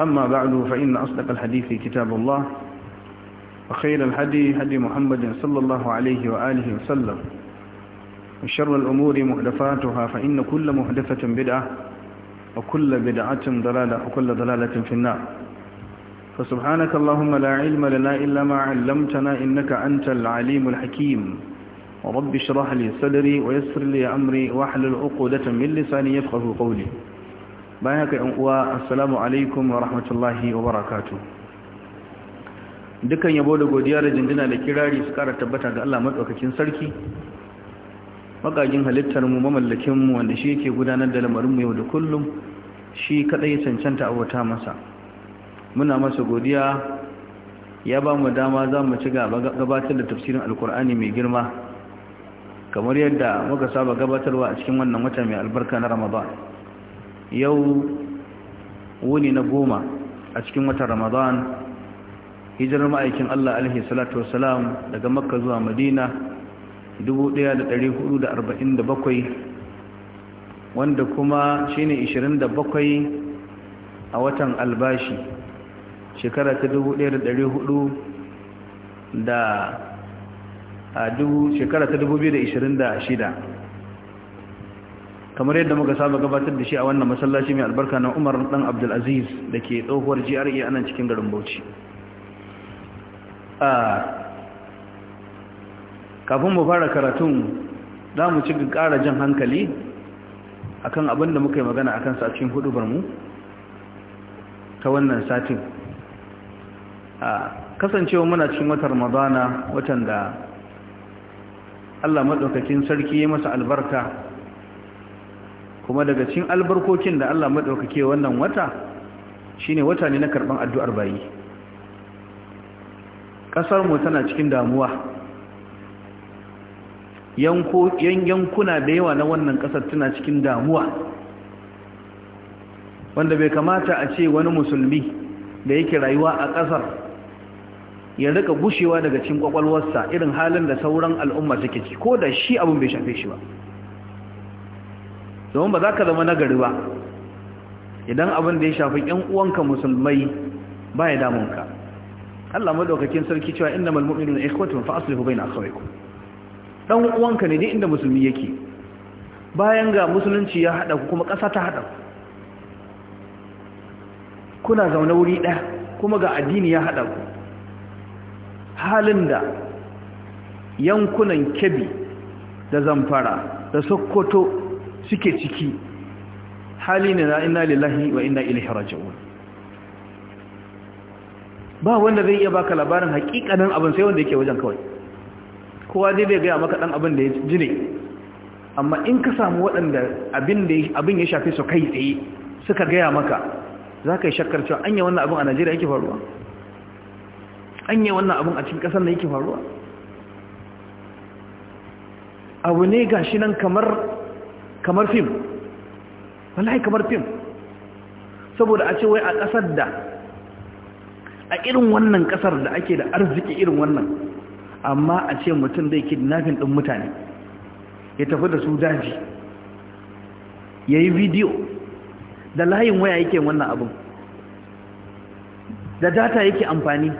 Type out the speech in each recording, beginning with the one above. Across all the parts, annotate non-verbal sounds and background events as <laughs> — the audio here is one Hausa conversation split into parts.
أما بعد فإن أصدق الحديث كتاب الله وخير الحدي هدي محمد صلى الله عليه وآله وسلم وشر الأمور مهدفاتها فإن كل مهدفة بدعة وكل بدعة ضلالة وكل ضلالة في النار فسبحانك اللهم لا علم لنا إلا ما علمتنا إنك أنت العليم الحكيم ورب اشرح لي صدري ويسر لي أمري واحلل عقدة من لساني يفقه قولي bayan haka yan uwa assalamu alaikum wa rahmatullahi wa barakatu dukan yabo da godiya da jinjina da kirari su kara tabbata ga Allah matsaukakin sarki magagin halittar mu mamallakin mu wanda shi yake gudanar da lamarin mu yau da kullum shi kadai cancanta abota masa muna masa godiya ya ba mu dama za mu ci gaba gabatar da tafsirin alkur'ani mai girma kamar yadda muka saba gabatarwa a cikin wannan wata mai albarka na ramadan yau wuni na goma a cikin wata ramadan hijirar ma'aikin allah alaihi salatu wasalam daga makka zuwa madina 1447 wanda kuma shi ne 27 a watan albashi shekara ta 1400 da a shekara ta 2026 kamar yadda muka saba gabatar da shi a wannan masallaci mai albarka na Umar dan Abdul Aziz dake tsohuwar GRA anan cikin garin Bauchi ah kafin mu fara karatun za mu ci ƙara jin hankali akan abin da muka yi magana akan sa a cikin hudubar mu ta wannan satin a kasancewa muna cikin watan Ramadana watan da Allah madaukakin sarki ya masa albarka kuma daga cikin albarkokin da Allah madaukake wannan wata shine wata ne na karban addu'ar bayi kasar mu tana cikin damuwa yanko yankuna da yawa na wannan kasar tana cikin damuwa wanda bai kamata a ce wani musulmi da yake rayuwa a ƙasar ya rika gushewa daga cikin kwakwalwarsa irin halin da sauran al'umma suke ci ko da shi abin bai shafe shi ba domin ba za ka zama nagari ba idan abin da ya shafi ƴan uwanka musulmai ba ya damunka Allah madaukakin sarki cewa innamal mu'minuna ikhwatun fa aslihu bayna akhawaykum dan uwanka ne duk inda musulmi yake bayan ga musulunci ya hada ku kuma ƙasa ta hada ku kuna zaune wuri ɗaya kuma ga addini ya hada ku halin da yankunan kebi da zamfara da sokoto suke ciki hali ne na inna lillahi wa inna ilaihi raji'un ba wanda zai iya baka labarin hakikanin abin sai wanda yake wajen kawai kowa dai bai gaya maka dan abin da ya ji ne amma in ka samu waɗanda abin ya shafe su kai tsaye suka gaya maka za ka yi shakkar cewa anya wannan abin a najeriya yake faruwa anya wannan abin a cikin ƙasar da yake faruwa abu ne ga shi nan kamar kamar fim wallahi kamar fim saboda a ce wai a ƙasar da a irin wannan ƙasar da ake da arziki irin wannan amma a ce mutum zai nafin ɗin mutane ya tafi da su daji ya yi bidiyo da layin waya yake wannan abin da data yake amfani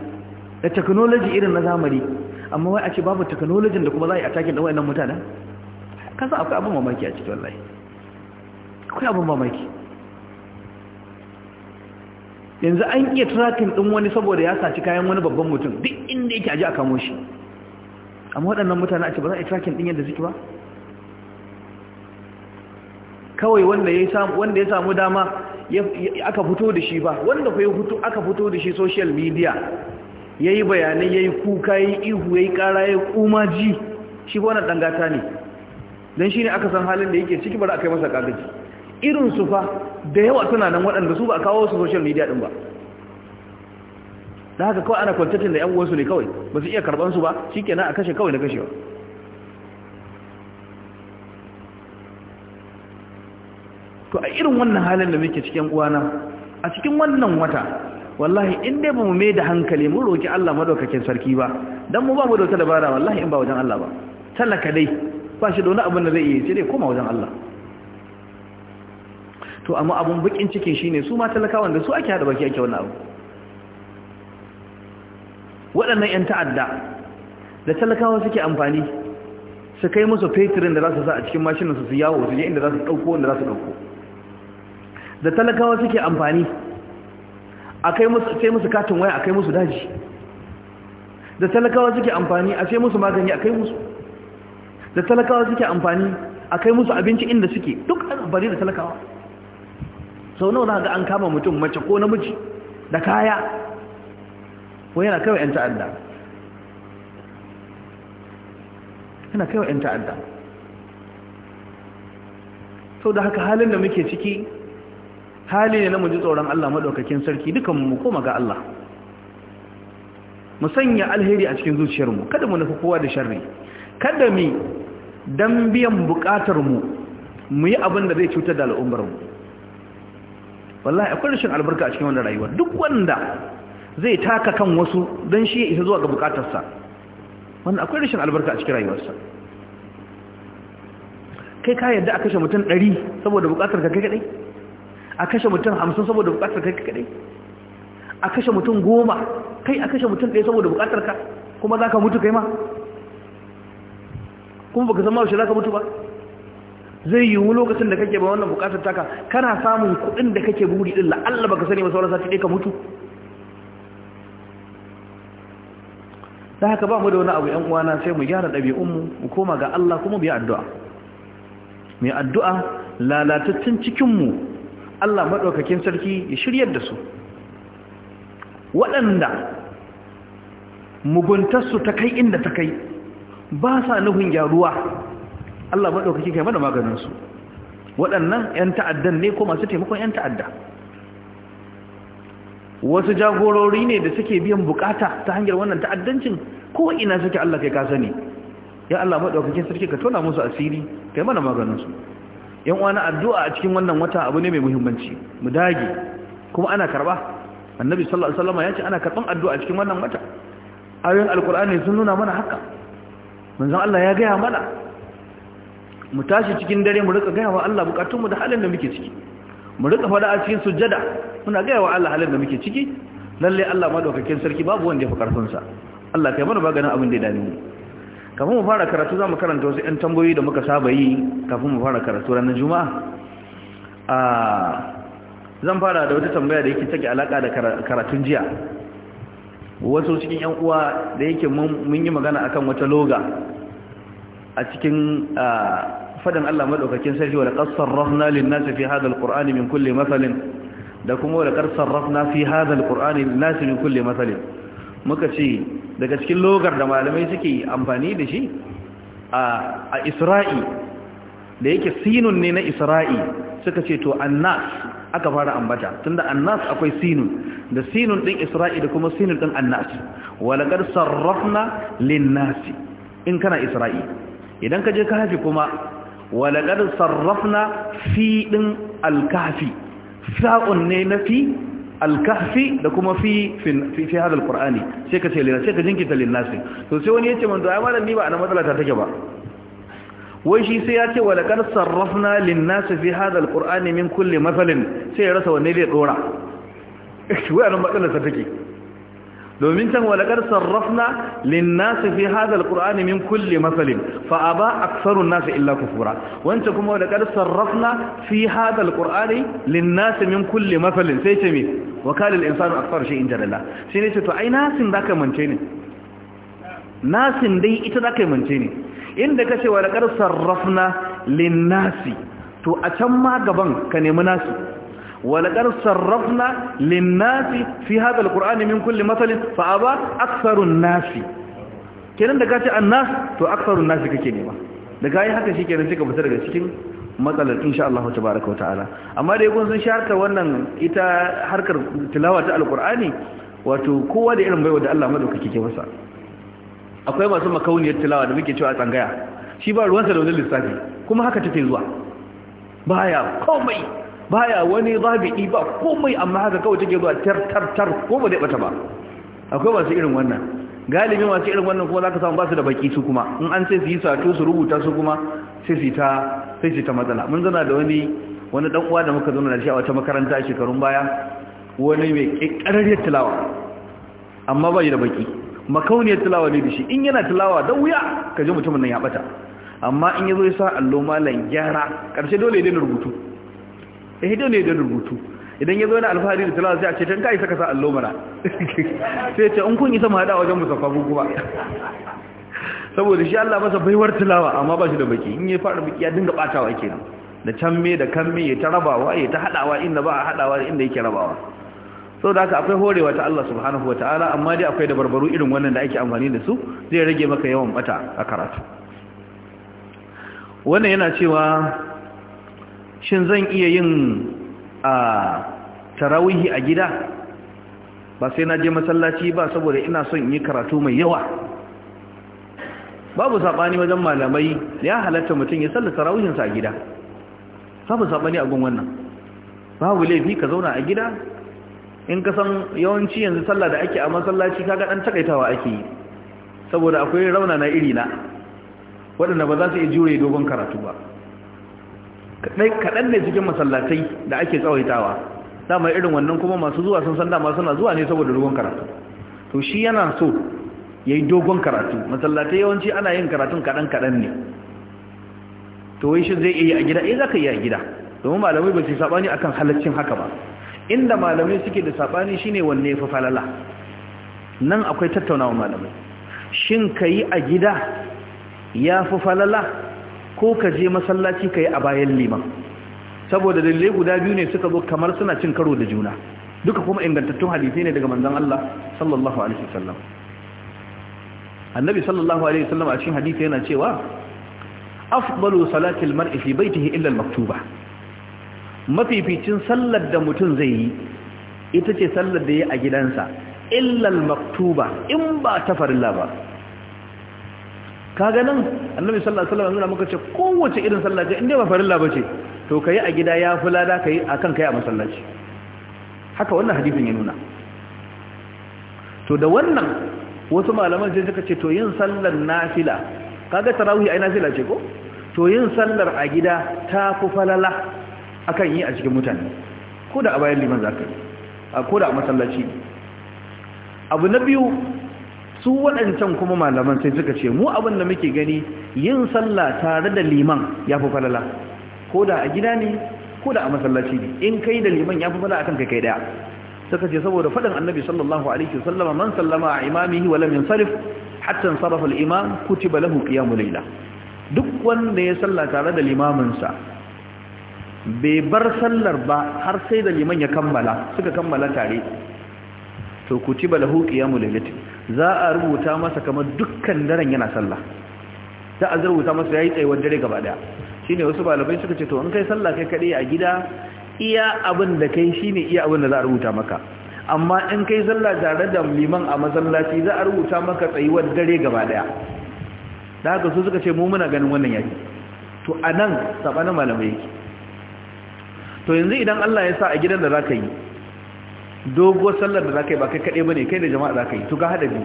da teknoloji irin na zamani amma wai a ce babu teknolojin da kuma za a yi a takin da wayannan mutanen kasa akwai abin mamaki a cikin wallahi akwai abin mamaki yanzu an iya tracking din wani saboda ya saci kayan wani babban mutum duk inda yake aji a kamo shi amma waɗannan mutane a ce ba za a yi tracking din yadda suke ba kawai wanda ya samu wanda ya samu dama aka fito da shi ba wanda fa fito aka fito da shi social media yayi bayanai yayi kuka yayi ihu yayi kara yayi ji shi wannan dangata ne don shi ne aka san halin da yake ciki bari a kai masa kagaji irin su fa da yawa suna nan waɗanda su ba a kawo su social media ɗin ba da haka kawai ana kwantatin da 'yan uwansu ne kawai ba su iya karɓansu ba shi kenan a kashe kawai na kashewa to a irin wannan halin da muke cikin uwana a cikin wannan wata wallahi in dai ba mu mai da hankali mun roƙi Allah madaukakin sarki ba dan mu ba mu da wata dabara wallahi in ba wajen Allah ba talaka dai ba shi da wani abin da zai iya sai dai koma wajen Allah to amma abun bakin cikin shine su ma talakawan da su ake hada baki ake wannan abu waɗannan 'yan ta'adda da talakawa suke amfani su kai musu fetirin da za su sa a cikin mashinansu su su yawo su je inda za su ɗauko wanda za su ɗauko da talakawa suke amfani a kai musu katin waya a kai musu daji da talakawa suke amfani a sai musu magani a kai musu da talakawa suke amfani a kai musu abinci inda suke duk an bari da talakawa sau nawa za ga an kama mutum mace ko namiji da kaya ko yana kawai 'yan ta'adda yana kawai 'yan ta'adda sau da haka halin da muke ciki hali ne na muji tsoron Allah maɗaukakin sarki dukanmu mu koma ga Allah mu sanya alheri a cikin zuciyarmu kada mu nufi kowa da sharri kada mu don biyan buƙatar mu mu yi abin da zai cutar da al'ummar mu wallahi akwai rashin albarka a cikin wannan rayuwa duk wanda zai taka kan wasu don shi ya isa zuwa ga bukatarsa wannan akwai rashin albarka a cikin rayuwarsa kai ka yadda a kashe mutum ɗari saboda bukatar ka kai kadai a kashe mutum hamsin saboda bukatar ka kai kadai a kashe mutum goma kai a kashe mutum ɗaya saboda buƙatar ka kuma za ka mutu kai ma kuma baka san ma za mutu ba zai yiwu lokacin da kake ba wannan bukatar taka kana samun kuɗin da kake buri din la'alla baka sani ba sauran sati ka mutu da haka ba mu da wani abu ‘yan uwana sai mu gyara ɗabi'unmu mu koma ga Allah kuma biya addu'a mai addu'a lalatattun cikinmu Allah maɗaukakin sarki ya shiryar da su waɗanda muguntarsu ta kai inda ta kai ba sa nufin gyaruwa Allah ɗaukaki kai mana maganinsu waɗannan 'yan ta'addan ne ko masu taimakon 'yan ta'adda wasu jagorori ne da suke biyan bukata ta hanyar wannan ta'addancin ko ina suke Allah kai kasa ne. ya Allah ɗaukaki sarki ka tona musu asiri kai mana maganinsu yan wani addu'a a cikin wannan wata abu ne mai muhimmanci mu dage kuma ana karɓa annabi sallallahu alaihi wasallam ya ce ana karɓan addu'a a cikin wannan wata ayoyin alkur'ani sun nuna mana haka manzon Allah ya gaya mana mu tashi cikin dare mu rika gaya wa Allah bukatunmu da halin da muke ciki mu rika fada a cikin sujjada muna gaya wa Allah halin da muke ciki lalle Allah madaukakin sarki babu wanda ya fi karfin sa Allah kai mana nan abin da ya dame mu kafin mu fara karatu zamu karanta wasu ɗan tambayoyi da muka saba yi kafin mu fara karatu ranar juma'a a ah, zan fara da wata tambaya da yake take alaka da karatun jiya wasu cikin yan uwa da yake mun yi magana akan wata loga a cikin fadan Allah madaukakin sarki wa laqad sarrafna lin-nasi fi hadha al-qur'ani min kulli mathalin da kuma laqad sarrafna fi hadha al-qur'ani lin-nasi min kulli mathalin muka ce daga cikin logar da malamai suke amfani da shi a Isra'i da yake sinun ne na Isra'i suka ce to annas aka fara ambata tunda annas akwai sinun da sinun din isra'i da kuma sinun din annas walaqad sarrafna linnas in kana isra'i idan ka je kahfi kuma walaqad sarrafna fi din alkahfi sa'un ne na fi alkahfi da kuma fi fi fi hada alqur'ani sai ka ce lina, sai ka jinkita linnas to sai wani ce man da ai ni ba ana matsala ta take ba wai shi sai ya ce wa laqad sarrafna lin-nasi fi hadha al-qur'ani min kulli mathalin sai ya rasa wanne zai dora <laughs> wai anan matsalar sa take domin can wa laqad sarrafna lin-nasi fi hadha al-qur'ani min kulli mathalin fa aba aktharu an-nasi illa kufura Wancan kuma wa laqad sarrafna fi hadha al-qur'ani lin min kulli mathalin sai ce me wa kana al-insanu aktharu shay'in jalala shi ne ce to ai nasin zaka mance ne nasin dai ita zaka mance ne inda ka ce wa da ƙarsar rafna linnasi to a can ma gaban ka nemi nasi walakar sarrafna linnasi fi haɗa alƙur'ani min kulle matsalin fa'a ba aksarun nasi kenan da ka ce an to aksarun nasi kake nema da ka yi haka shi kenan suka fita daga cikin matsalar insha Allah tabaraka wata'ala amma dai kun sun sharta wannan ita harkar tilawa ta Alƙur'ani, wato kowa da irin baiwa da Allah madaukake ke masa akwai masu makauniyar tilawa da muke cewa tsangaya shi ba ruwansa da wani lissafi kuma haka take zuwa baya komai baya wani zabi'i ba komai amma haka kawai take zuwa tar ko ba dai bata ba akwai masu irin wannan galibi masu irin wannan kuma zaka samu ba su da baki su kuma in an sai su yi sato su rubuta su kuma sai su ta sai su ta matsala mun zana da wani wani dan uwa da muka zo na shi a wata makaranta a shekarun baya wani mai kikkararriyar tilawa amma bai da baki makauniyar tilawa ne da shi in yana tilawa da wuya ka ji mutumin nan ya bata amma in yazo ya sa allo malam gyara karshe dole ya rubutu eh dole ya rubutu idan yazo yana alfahari da tilawa sai a ce tan kai saka sa allo mara <laughs> sai ya ce in kun yi sama hada wajen musaffa ko kuma saboda shi Allah masa baiwar tilawa amma ba shi da baki in ya fara biki ya dinga batawa kenan da can me da kan me ya ta rabawa ya ta hadawa inda ba a hadawa inda yake rabawa sau da haka akwai horewa ta Allah subhanahu wa ta'ala amma dai akwai dabarbaru irin wannan da ake amfani da su zai rage maka yawan bata a karatu wannan yana cewa shin zan iya yin a tarawihi a gida ba sai na je masallaci ba saboda ina son yi karatu mai yawa babu saɓani wajen malamai ya halatta mutum ya sallata tarawihinsa a gida babu saɓani a gun wannan babu laifi ka zauna a gida in ka san yawanci yanzu sallah da ake a masallaci kaga dan takaitawa ake yi saboda akwai rauna na iri na waɗanda ba za su iya jure dogon karatu ba kaɗan ne cikin masallatai da ake tsawaitawa dama irin wannan kuma masu zuwa sun san dama suna zuwa ne saboda dogon karatu to shi yana so ya yi dogon karatu masallatai yawanci ana yin karatun kaɗan-kaɗan ne to wai shi zai iya a gida eh za ka iya a gida domin malamai ba su sabani akan halaccin haka ba inda malamai suke da saɓani shine wanne fi falala nan akwai tattaunawa malamai shin yi a gida ya fi falala ko ka je masallaci ka yi a bayan liman saboda dalilai guda biyu ne suka zo kamar suna cin karo da juna duka kuma ingantattun hadisai ne daga manzon Allah sallallahu alaihi wasallam annabi sallallahu alaihi wasallam a cikin hadisi yana cewa afdalu salati almar'i fi baytihi illa almaktuba mafificin sallar da mutum zai yi ita ce sallar da ya a gidansa illal maktuba in ba ta farilla ba kaga nan annabi sallallahu alaihi wasallam yana muka ce kowace irin sallah ce inda ba farilla bace to kai a gida ya fula da kai akan kai a masallaci haka wannan hadisin ya nuna to da wannan wasu malaman sai suka ce to yin sallar nafila kaga tarawih ai nafila ce ko to yin sallar a gida ta ku falala akan yi a cikin mutane ko da a bayan liman za ka ko da a masallaci abu na biyu su waɗancan kuma malaman sai suka ce mu abin da muke gani yin sallah tare da liman ya fi falala ko da a gida ne ko da a masallaci ne in kai da liman ya fi falala akan kai kai daya suka ce saboda faɗin annabi sallallahu alaihi wasallama man sallama a imamihi wala lam sarif, hatta sarafa al-imam kutiba lahu qiyamul layla duk wanda ya salla tare da limaminsa bai bar sallar ba har sai da liman ya kammala suka kammala tare to kutiba lahu qiyamul layl za a rubuta masa kamar dukkan daren yana sallah za a rubuta masa yayi tsayuwar dare gaba daya shine wasu malamai suka ce to in kai sallah kai kadai a gida iya abin da kai shine iya abin da za a rubuta maka amma in kai sallah tare da liman a masallaci za a rubuta maka tsayuwar dare gaba daya da haka su suka ce mu muna ganin wannan yaki to anan sabanin malamai yake to yanzu idan Allah ya sa a gidan da zaka yi dogo sallar da zaka yi ba kai kaɗai bane kai da jama'a zaka yi to ka haɗa biyu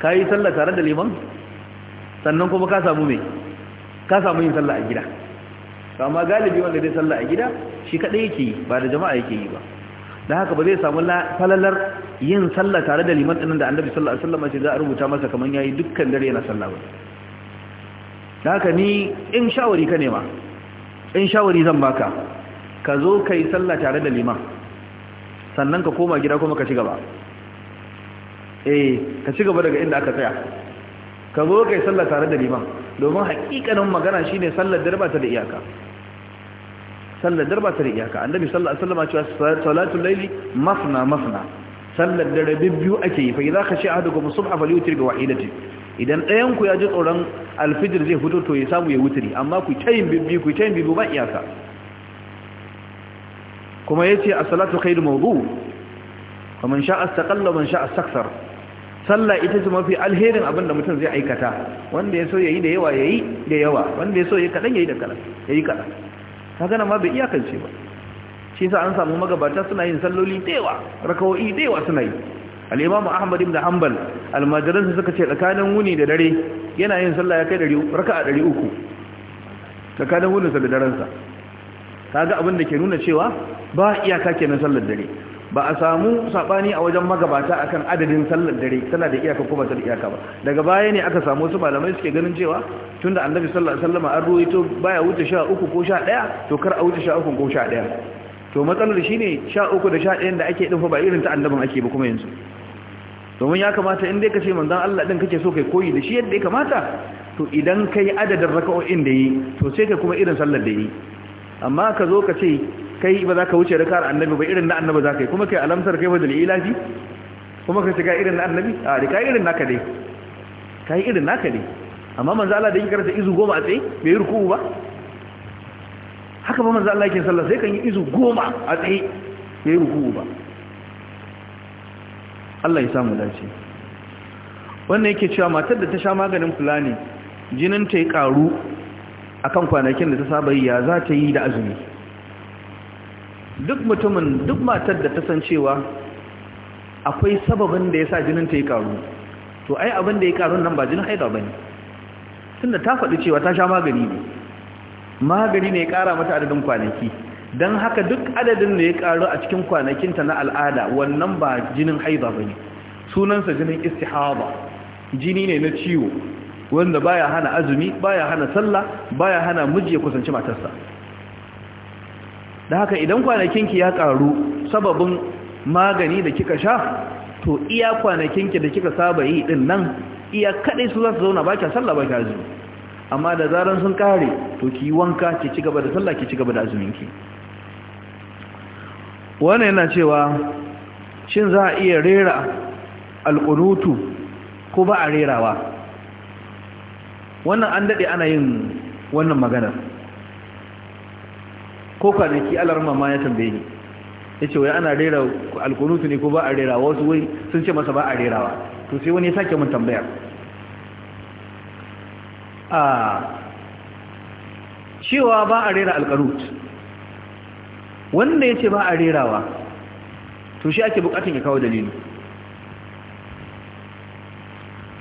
ka yi sallar tare da liman sannan kuma ka samu me ka samu yin sallah a gida amma galibi wanda zai sallah a gida shi kaɗai yake yi ba da jama'a yake yi ba da haka ba zai samu falalar yin sallah tare da liman ɗinin da annabi sallallahu alaihi wasallam ce za a rubuta masa kaman yayi dukkan dare yana sallah ba da haka ni in shawari ka nema in shawari zan baka ka zo ka yi sallah tare da liman sannan ka koma gida kuma ka ci gaba eh ka ci gaba daga inda aka tsaya ka zo ka yi sallah tare da liman domin haƙiƙanin magana shine sallar darba ta da iyaka sallar darba ta da iyaka annabi sallallahu alaihi wasallam cewa salatul layli mafna mafna sallar dare biyu ake yi fa idza khashi ahadukum subha falyutir ga wahidatin idan ɗayan ku ya ji tsoron alfijir zai fito to ya samu ya wuturi amma ku tayin bibbi ku tayin bibbi ba iyaka kuma yace as-salatu khairu mawdu wa man sha'a istaqalla man sha'a istakthar sallah ita ce mafi alherin abin da mutum zai aikata wanda ya so ya yi da yawa ya yi da yawa wanda ya so ya kaɗan yi da kaɗan ya yi kaɗan ta ma bai iyakance ba shi yasa an samu magabata suna yin salloli da yawa rakawo'i da yawa suna yi al-imamu ahmad ibn hanbal almajiransa suka ce tsakanin wuni da dare yana yin sallah ya kai raka'a ɗari uku tsakanin wuninsa da sa kaga abin da ke nuna cewa ba iyaka kenan sallar dare ba a samu sabani a wajen magabata akan adadin sallar dare tana da iyaka ko ba ta da iyaka ba daga baya ne aka samu wasu malamai suke ganin cewa tunda annabi sallallahu alaihi wasallam an ruwaito baya wuce 13 ko 11 to kar a wuce 13 ko 11 to matsalar shine 13 da 11 da ake dinfa ba irin ta annabin ake ba kuma yanzu domin ya kamata in dai kace manzon Allah din kake so kai koyi da shi yadda ya kamata to idan kai adadin raka'o'in da yi to sai kai kuma irin sallar da yi amma ka zo ka ce kai ba za ka wuce rakar annabi ba irin na annabi za ka yi kuma kai alamsar kai da ilaji kuma ka shiga irin na annabi a da kai irin naka dai kai irin naka dai amma manzo Allah da yake karanta izu goma a tsaye bai yi ba haka ba manzo Allah yake sallah sai kan yi izu goma a tsaye bai yi ba Allah ya samu dace wannan yake cewa matar da ta sha maganin fulani jinin ta ya karu akan kwanakin da ta saba ya za ta yi da azumi duk mutumin duk matar da ta san cewa akwai sababin da ya sa jinin ta yi karu to ai abin da ya karu nan ba jinin haida ba ne tunda ta faɗi cewa ta sha magani ne magani ne ya ƙara mata adadin kwanaki don haka duk adadin da ya karu a cikin kwanakinta na al'ada wannan ba jinin haida ba ne sunansa jinin istihaba jini ne na ciwo wanda baya hana azumi baya hana sallah baya hana miji ya kusanci matarsa da haka idan kwanakinki ya karu sababin magani da kika sha to iya kwanakinki da kika saba yi din nan iya kadai su za su zauna baki sallah baki azumi amma da zaran sun kare to ki wanka ki ci gaba da sallah ki ci gaba da azuminki wannan yana cewa shin za a iya rera alƙunutu ko ba a rerawa wannan an daɗe ana yin wannan maganar ko kwanaki alarma ma ya tambaye ni ya ce wai ana rera alkunutu ne ko ba a rera wasu wai sun ce masa ba a rerawa to sai wani ya sake mun tambayar a cewa ba a rera alkanut wanda ya ce ba a rerawa to shi ake bukatun ya kawo dalili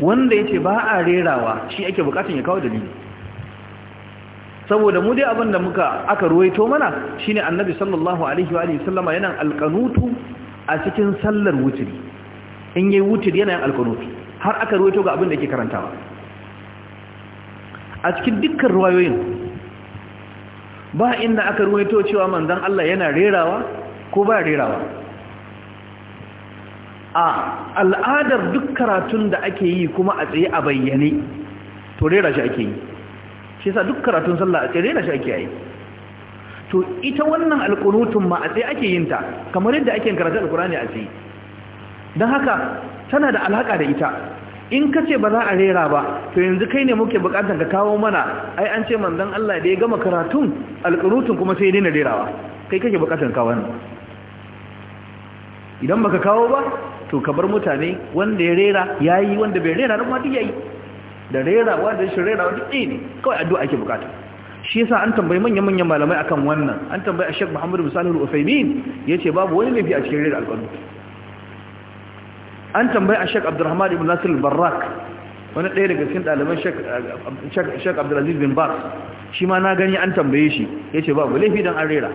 wanda ce ba a rerawa shi ake bukatun ya kawo dalili saboda mu dai abin da muka aka ruwaito mana shine annabi sallallahu alaihi wa sallama yana alqanutu a cikin sallar wutiri in yayi wutiri yana alqanutu har aka ruwaito ga abin da yake karantawa a cikin dukkan ruwayoyin ba inda aka ruwaito cewa manzon Allah yana rerawa ko ba rerawa a al'adar duk karatun da ake yi kuma a tsaye a bayyane to rera shi ake yi shi yasa duk karatun sallah a tsaye rera shi ake yi to ita wannan alqunutun ma a tsaye ake yin ta kamar yadda ake karatu alqurani a tsaye dan haka tana da alaka da ita in ka ce ba za a rera ba to yanzu kai ne muke bukatar ka kawo mana ai an ce manzon Allah da ya gama karatun alqunutun kuma sai ya daina rerawa kai kake bukatar kawo wannan idan baka kawo ba to ka bar mutane wanda ya rera yayi wanda bai rera ba duk yayi da rera wanda shi rera wanda duk ne kawai addu'a ake bukata shi yasa an tambayi manyan manyan malamai akan wannan an tambayi a Sheikh Muhammad bin Salih al-Uthaymeen yace babu wani laifi a cikin rera alƙur'ani an tambayi a Sheikh Abdulrahman ibn Nasir al-Barrak wani ɗaya daga cikin ɗaliban Sheikh Abdulaziz bin Bar shi ma na gani an tambaye shi yace babu laifi dan an rera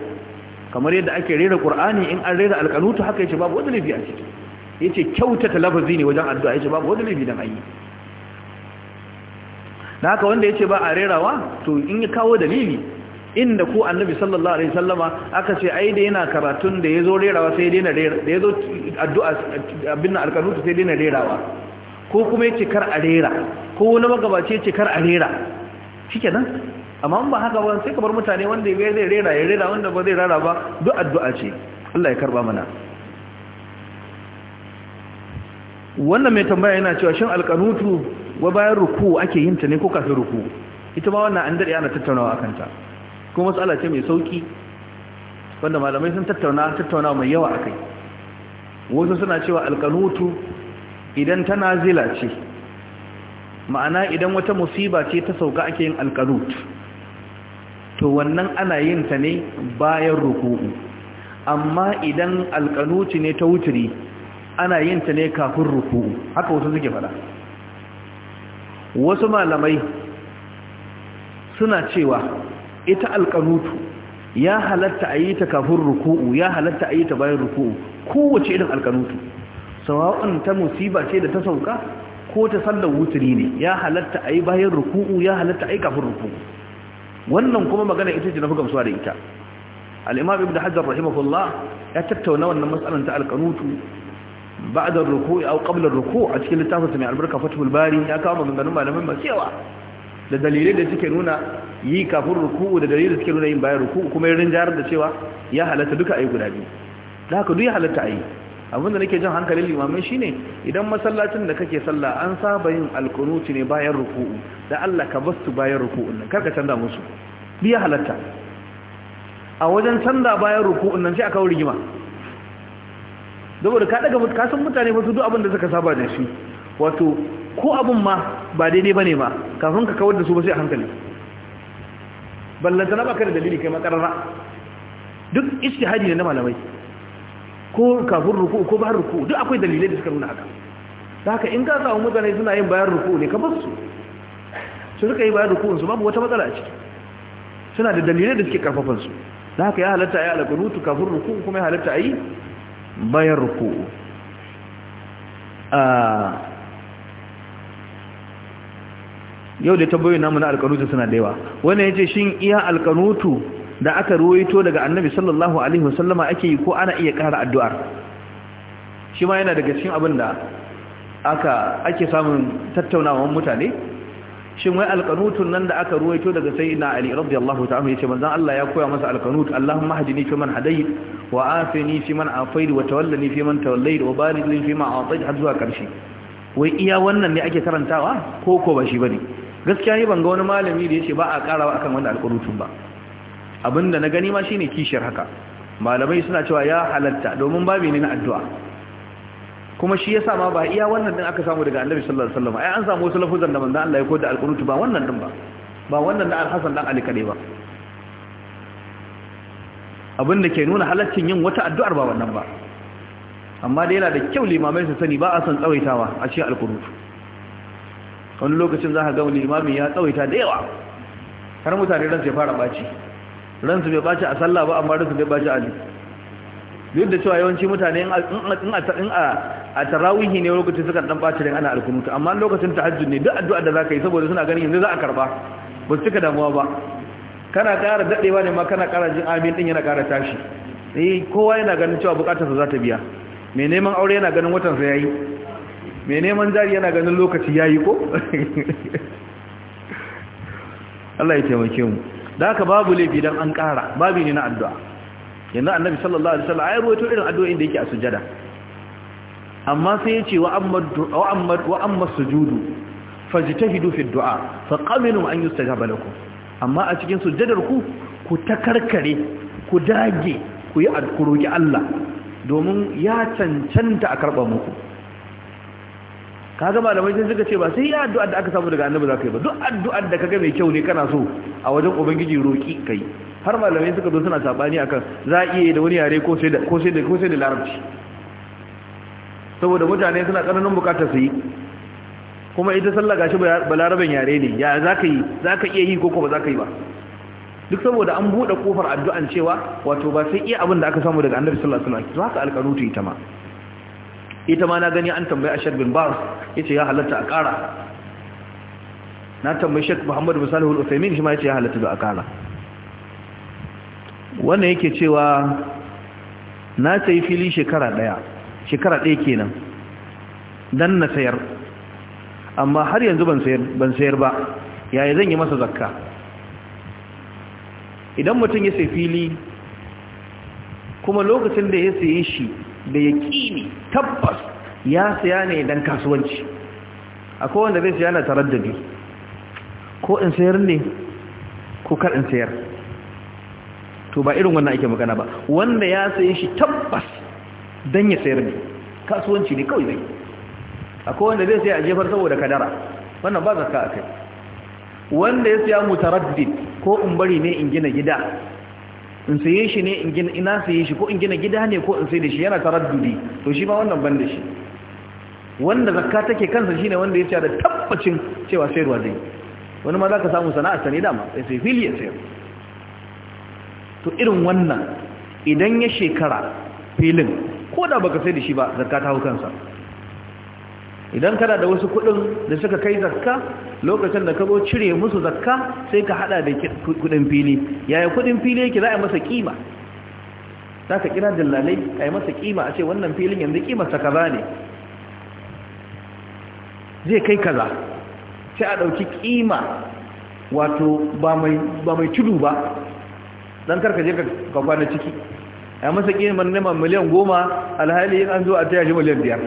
kamar yadda ake rera qur'ani in an rera alqanutu haka yace babu wani laifi a ciki yace kyautata lafazi ne wajen addu'a yace babu wani laifi dan ayi da haka wanda yace ba a rerawa to in ya kawo dalili inda ko annabi sallallahu alaihi wasallama aka ce ai da yana karatun da yazo rerawa sai dai na rera da yazo addu'a abin alqanutu sai dai na rerawa ko kuma yace kar a rera ko wani magabaci yace kar a rera shikenan amma ba haka ba sai ka bar mutane wanda ya zai rera ya rera wanda ba zai rara ba duk addu'a ce Allah ya karba mana wannan mai tambaya yana cewa shin alqanutu wa bayan ruku ake yin ta ne ko kafin ruku ita ma wannan an dade ana tattaunawa akan ta kuma matsala ce mai sauki wanda malamai sun tattauna tattauna mai yawa akai wasu suna cewa alqanutu idan ta nazila ce ma'ana idan wata musiba ce ta sauka ake yin alqanut to wannan ana yin ta ne bayan ruku'u amma idan alƙanuti ne ta wuturi ana yin ta ne kafin ruku'u haka wasu suke fada wasu malamai suna cewa ita alƙanutu ya halatta a yi ta kafin ruku'u ya halatta a yi ta bayan ruku'u kowace irin alƙanutu sawa'un ta musiba ce da ta sauka ko ta sallar wuturi ne ya halatta a yi bayan ruku'u ya halatta a yi kafin ruku'u wannan kuma magana ita ce na fi gamsuwa da ita al'imam ibn hajjar rahimahullah ya tattauna wannan matsalan ta alkanutu ba'da ruku'i aw qabla ruku' a cikin littafin mai albarka fathul bari ya kawo maganganun malamai masu yawa da dalilai da suke nuna yi kafin ruku'u da dalilai da suke nuna yin bayan ruku'u kuma yin rinjarar da cewa ya halatta duka ayi guda biyu da haka duk ya halatta ayi abin da nake jin hankalin shi ne idan masallacin da kake sallah an saba yin alkunuti ne bayan ruku'u da Allah ka basu bayan ruku'un nan karka canza musu biya halatta a wajen canza bayan ruku'un nan sai aka wuri gima saboda ka daga ka san mutane ba su duk abin da suka saba da shi wato ko abin ma ba daidai bane ba kafin ka kawar da su ba sai a hankali ballanta ba baka da dalili kai makarara duk hadi ne na malamai ko kafin ruku ko bayan ruku duk akwai dalilai da suka nuna haka da haka in ga samu mutane suna yin bayan ruku ne ka basu su suka yi bayan ruku su babu wata matsala a ciki suna da dalilai da suke karfafan su da haka ya halatta ya tu kafin ruku kuma ya halatta a yi bayan ruku ah, yau da tabbayin namu na alƙanutu suna da yawa wannan ya ce shin iya alƙanutu da aka ruwaito daga annabi sallallahu alaihi wasallama ake yi ko ana iya ƙara addu'ar shi ma yana daga cikin abin da aka ake samun tattaunawan mutane shin wai alqanutun nan da aka ruwaito daga sayyidina ali radiyallahu ta'ala yace manzon Allah ya koya masa alqanut Allahumma hadini fi man hadayt wa afini fi man afayt wa tawallani fi man tawallayt wa barik li fi ma atayt har zuwa karshe wai iya wannan ne ake karantawa ko ko ba shi bane gaskiya ni ban ga wani malami da yace ba a karawa akan wannan alqanutun ba abinda na gani ma shine kishiyar haka malamai suna cewa ya halatta domin babi ne na addu'a kuma shi yasa ma ba iya wannan din aka samu daga Annabi sallallahu alaihi wasallam ai an samu wasu lafuzan da manzo Allah ya koda alqunutu ba wannan din ba ba wannan da al-Hasan dan Ali kade ba abin da ke nuna halaccin yin wata addu'ar ba wannan ba amma da yana da kyau limamai su sani ba a son tsawaitawa a cikin alqunutu wani lokacin za ka ga limamin ya tsawaita da yawa har mutane ran sai fara baci ransu bai baci a sallah ba amma ransu bai baci a duk da cewa yawanci mutane in a tarawihi ne lokacin suka dan baci ran ana alkunuta amma lokacin tahajjud ne duk addu'a da zaka yi saboda suna ganin yanzu za a karba ba su cika damuwa ba kana ƙara dadewa ne ma kana ƙara jin amin din yana ƙara tashi eh kowa yana ganin cewa bukatarsa za ta biya Me neman aure yana ganin watan sa yayi Me neman jari yana ganin lokaci yayi ko <laughs> Allah ya taimake mu da haka babu laifi dan an ƙara babu ne na addu'a yanzu annabi sallallahu alaihi wasallam ayar wato irin addu'o'in da yake a sujada amma sai ya ce wa amma wa amma wa sujudu fajtahidu fi du'a fa qamilu an yustajaba lakum amma a cikin sujadar ku ku karkare, ku dage ku yi roki Allah domin ya cancanta a karba muku kaga malamai sun suka ce ba sai ya addu'ar da aka samu daga annabi zakai yi ba duk addu'ar da kaga mai kyau ne kana so a wajen ubangiji roki kai har malamai suka zo suna sabani akan za a iya da wani yare ko sai da ko sai da ko sai da larabci saboda mutane suna tsananin bukatar su yi kuma ita sallah gashi balaraben yare ne ya zaka yi zaka iya yi ko ko ba zaka yi ba duk saboda an bude kofar addu'an cewa wato ba sai iya abin da aka samu daga annabi sallallahu alaihi wasallam to haka alƙanutu ita ma ita ma na gani an tambayi a bin bar ya ce ya halatta a ƙara na tambayi shek muhammadu misali huluthaimin shi ma ya ce ya halatta da a ƙara wannan yake cewa na sayi fili shekara ɗaya shekara ɗaya kenan don na sayar amma har yanzu ban sayar ba yaya zan yi masa zakka idan mutum ya sayi fili kuma lokacin da ya sayi shi da yaqini tabbas ya saya ne dan kasuwanci akwai wanda zai saya na taraddadi ko in sayar ne ko kar in sayar to ba irin wannan ake magana ba wanda ya saye shi tabbas dan ya sayar ne kasuwanci ne kawai zai akwai wanda zai saya a jefar saboda kadara wannan ba zaka akai wanda ya saya mutaraddid ko in bari ne in gina gida in saye shi ne ina saye shi ko in gina gida ne ko in sai da shi yana taraddudi to shi ba wannan ban da shi wanda zakka take kansa shine wanda ya ce da tabbacin cewa sayarwa zai wani ma za ka samu sana'a ne dama ya sai fili ya sayar to irin wannan idan ya shekara filin ko da baka sai da shi ba zakka ta hau kansa idan kana da wasu kudin da suka kai zakka lokacin da ka zo cire musu zakka sai ka hada da kudin fili yaya kudin fili yake za a masa kima za ka kira dillalai a yi masa kima a ce wannan filin yanzu kimarsa kaza ne zai kai kaza sai a ɗauki kima wato ba mai tudu ba don karka je ka kwana ciki a yi masa kima neman miliyan goma alhali an zo a taya shi miliyan biyar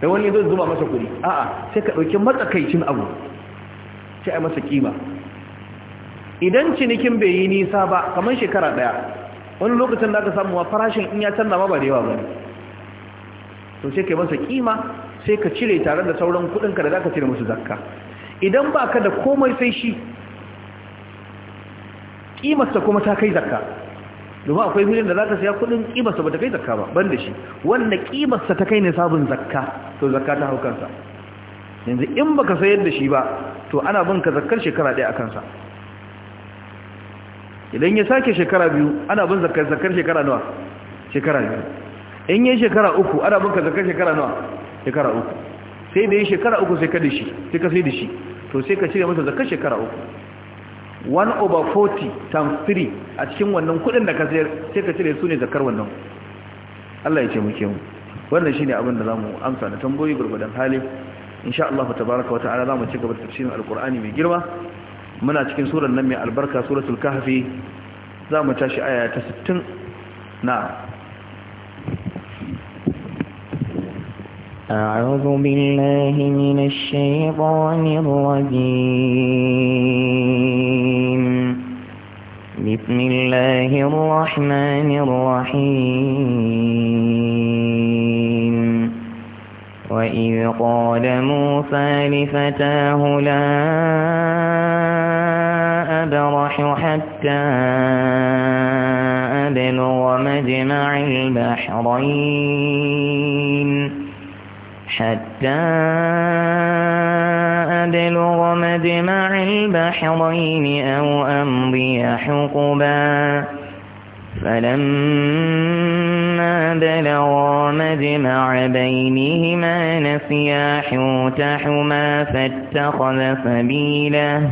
da wani zai zuba masa kuɗi a'a sai ka ɗauki matsakaicin abu sai a masa kima idan cinikin bai yi nisa ba kamar shekara ɗaya wani lokacin da ka samu wa farashin in ya canza ma ba da yawa ba to sai ka yi masa kima sai ka cire tare da sauran kuɗinka da za cire musu zakka idan baka da komai sai shi ƙimarsa kuma ta kai zakka domin akwai filin da za ka siya kudin kimarsa ba ta kai zakka ba ban da shi wanda kimarsa ta kai ne sabon zakka to zakka ta haukansa yanzu in ba ka sayar da shi ba to ana bin ka zakkar shekara ɗaya a kansa idan ya sake shekara biyu ana bin zakkar shekara nawa shekara biyu in yi shekara uku ana bin ka zakkar shekara nawa shekara uku sai da yi shekara uku sai ka da shi sai ka sai da shi to sai ka cire masa zakkar shekara uku one over forty times three a cikin wannan kudin da ka sayar sai ka cire su ne zakar wannan Allah ya ce muke mu wannan shine abin da zamu amsa da tambayoyi gurgudan hali insha Allah tabaaraka wataala zamu ci gaba da tafsirin alqur'ani mai girma muna cikin surar nan mai albarka suratul kahfi zamu tashi aya ta 60 na أعوذ بالله من الشيطان الرجيم بسم الله الرحمن الرحيم وإذ قال موسى لفتاه لا أبرح حتى أبلغ مجمع البحرين حتى أبلغ مجمع البحرين أو أمضي حقبا فلما بلغا مجمع بينهما نسيا حوتحما فاتخذ سبيله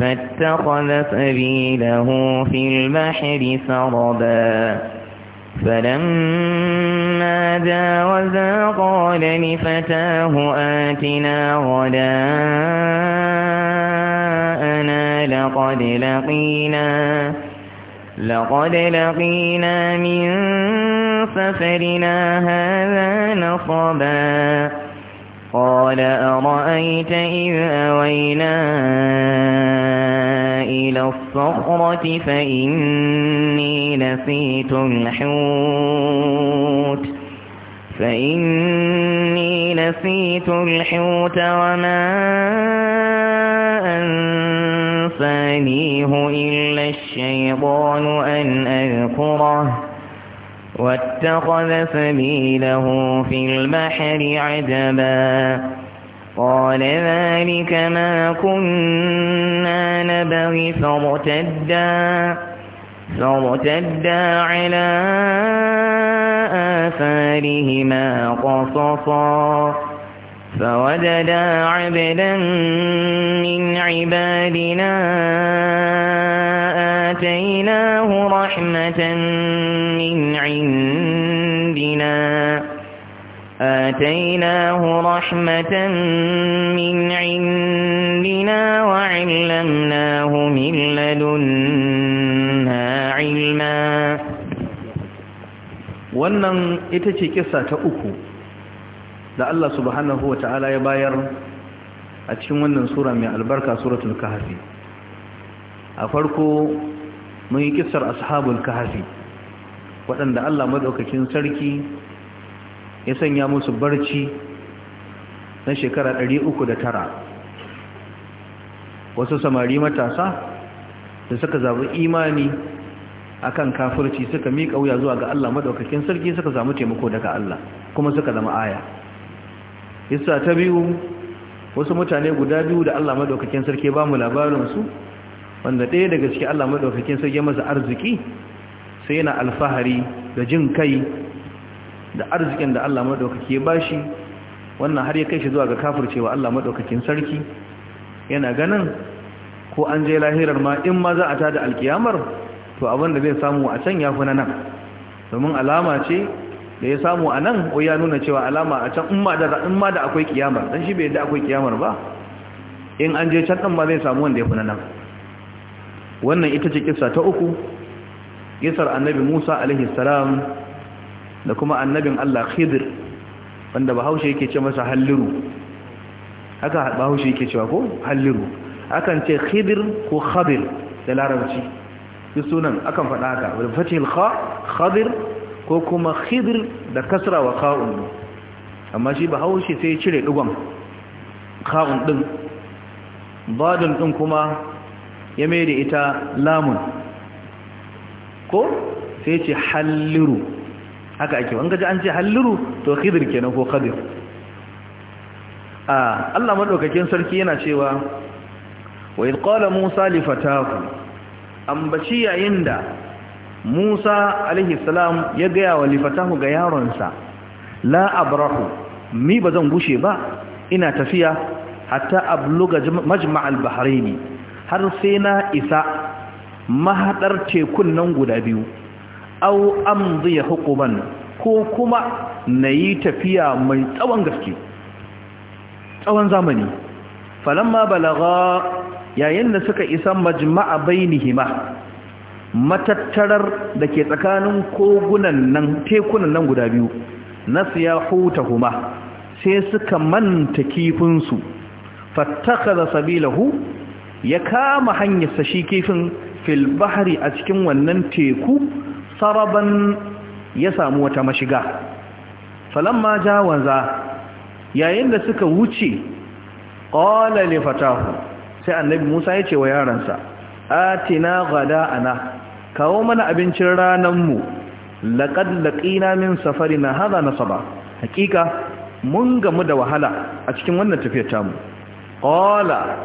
فاتخذ سبيله في البحر سربا فلما جاوزا قال لفتاه آتنا غداءنا لقد لقينا لقد لقينا من سفرنا هذا نصبا قال أرأيت إذ أوينا إلى الصخرة فإني نسيت الحوت فإني نسيت الحوت وما أنسانيه إلا الشيطان أن أذكره واتخذ سبيله في البحر عجبا قال ذلك ما كنا نبغي فارتدا فارتدا على آثارهما قصصا فوجدا عبدا من عبادنا آتيناه رحمة من عندنا آتيناه رحمة من عندنا وعلمناه من لدنا علما ونن اتشي كسا kisa da Allah subhanahu wa ta'ala ya bayar a cikin wannan sura mai albarka suratul kahfi a farko mun yi kissar ashabul kahfi waɗanda Allah madaukakin sarki ya sanya musu barci na shekara 309 wasu samari matasa da suka zabi imani akan kafirci suka miƙa wuya zuwa ga Allah madaukakin sarki suka samu taimako daga Allah kuma suka zama aya isa ta biyu wasu mutane guda biyu da Allah madaukakin sarki ba mu su. wanda ɗaya daga cikin Allah madaukakin sarki masa arziki sai yana alfahari da jin kai da arzikin da Allah madaukaki ya bashi wannan har ya kai shi zuwa ga kafircewa Allah madaukakin sarki yana ganin ko an je lahirar ma in ma za a tada alkiyamar to abin da zai samu a can yafi na nan domin alama ce da ya samu a nan ya nuna cewa alama a can in ma da akwai kiyama don shi bai da akwai kiyamar ba in an je can ɗan ba zai samu wanda ya fi nan wannan ita ce kisa ta uku kisar annabi musa alaihissalam da kuma annabin allah khidir wanda bahaushe yake ce masa halliru haka bahaushe yake cewa ko halliru akan ce khidir ko khadir da larabci duk sunan akan faɗa haka wadda fatihil khadir ko kuma khidr da kasra wa ka'un amma shi ba haushi sai cire dugon ka'un din badun din kuma ya mai da ita lamun ko sai ce halliru haka ake wanga ji an ce halliru to khidr kenan ko khadir a Allah madaukakin sarki yana cewa wa idh musa li fatahu ambaci yayin da Musa alaihi ya gaya wa lifatahu ga yaronsa la abrahu mi ba zan gushe ba ina tafiya hatta abluga majma'al bahraini har sai na isa mahadar tekun nan guda biyu aw amdi hukuman ko kuma nayi tafiya mai tsawon gaske tsawon zamani falamma balagha yayin da suka isa majma'a bainihima matattarar da ke tsakanin kogunan nan tekunan nan guda biyu na siya hutahuma sai suka manta kifinsu fattakaza sabilahu ya kama hanyarsa shi kifin filbahari a cikin wannan teku saraban ya samu wata mashiga falamma jawaza yayin da suka wuce Olale fatahu sai annabi Musa ya ce wa yaransa atina ana kawo mana abincin rananmu laƙad laƙina min safari na haza na saba hakika mun gamu da wahala a cikin wannan tafiyar tamu ƙola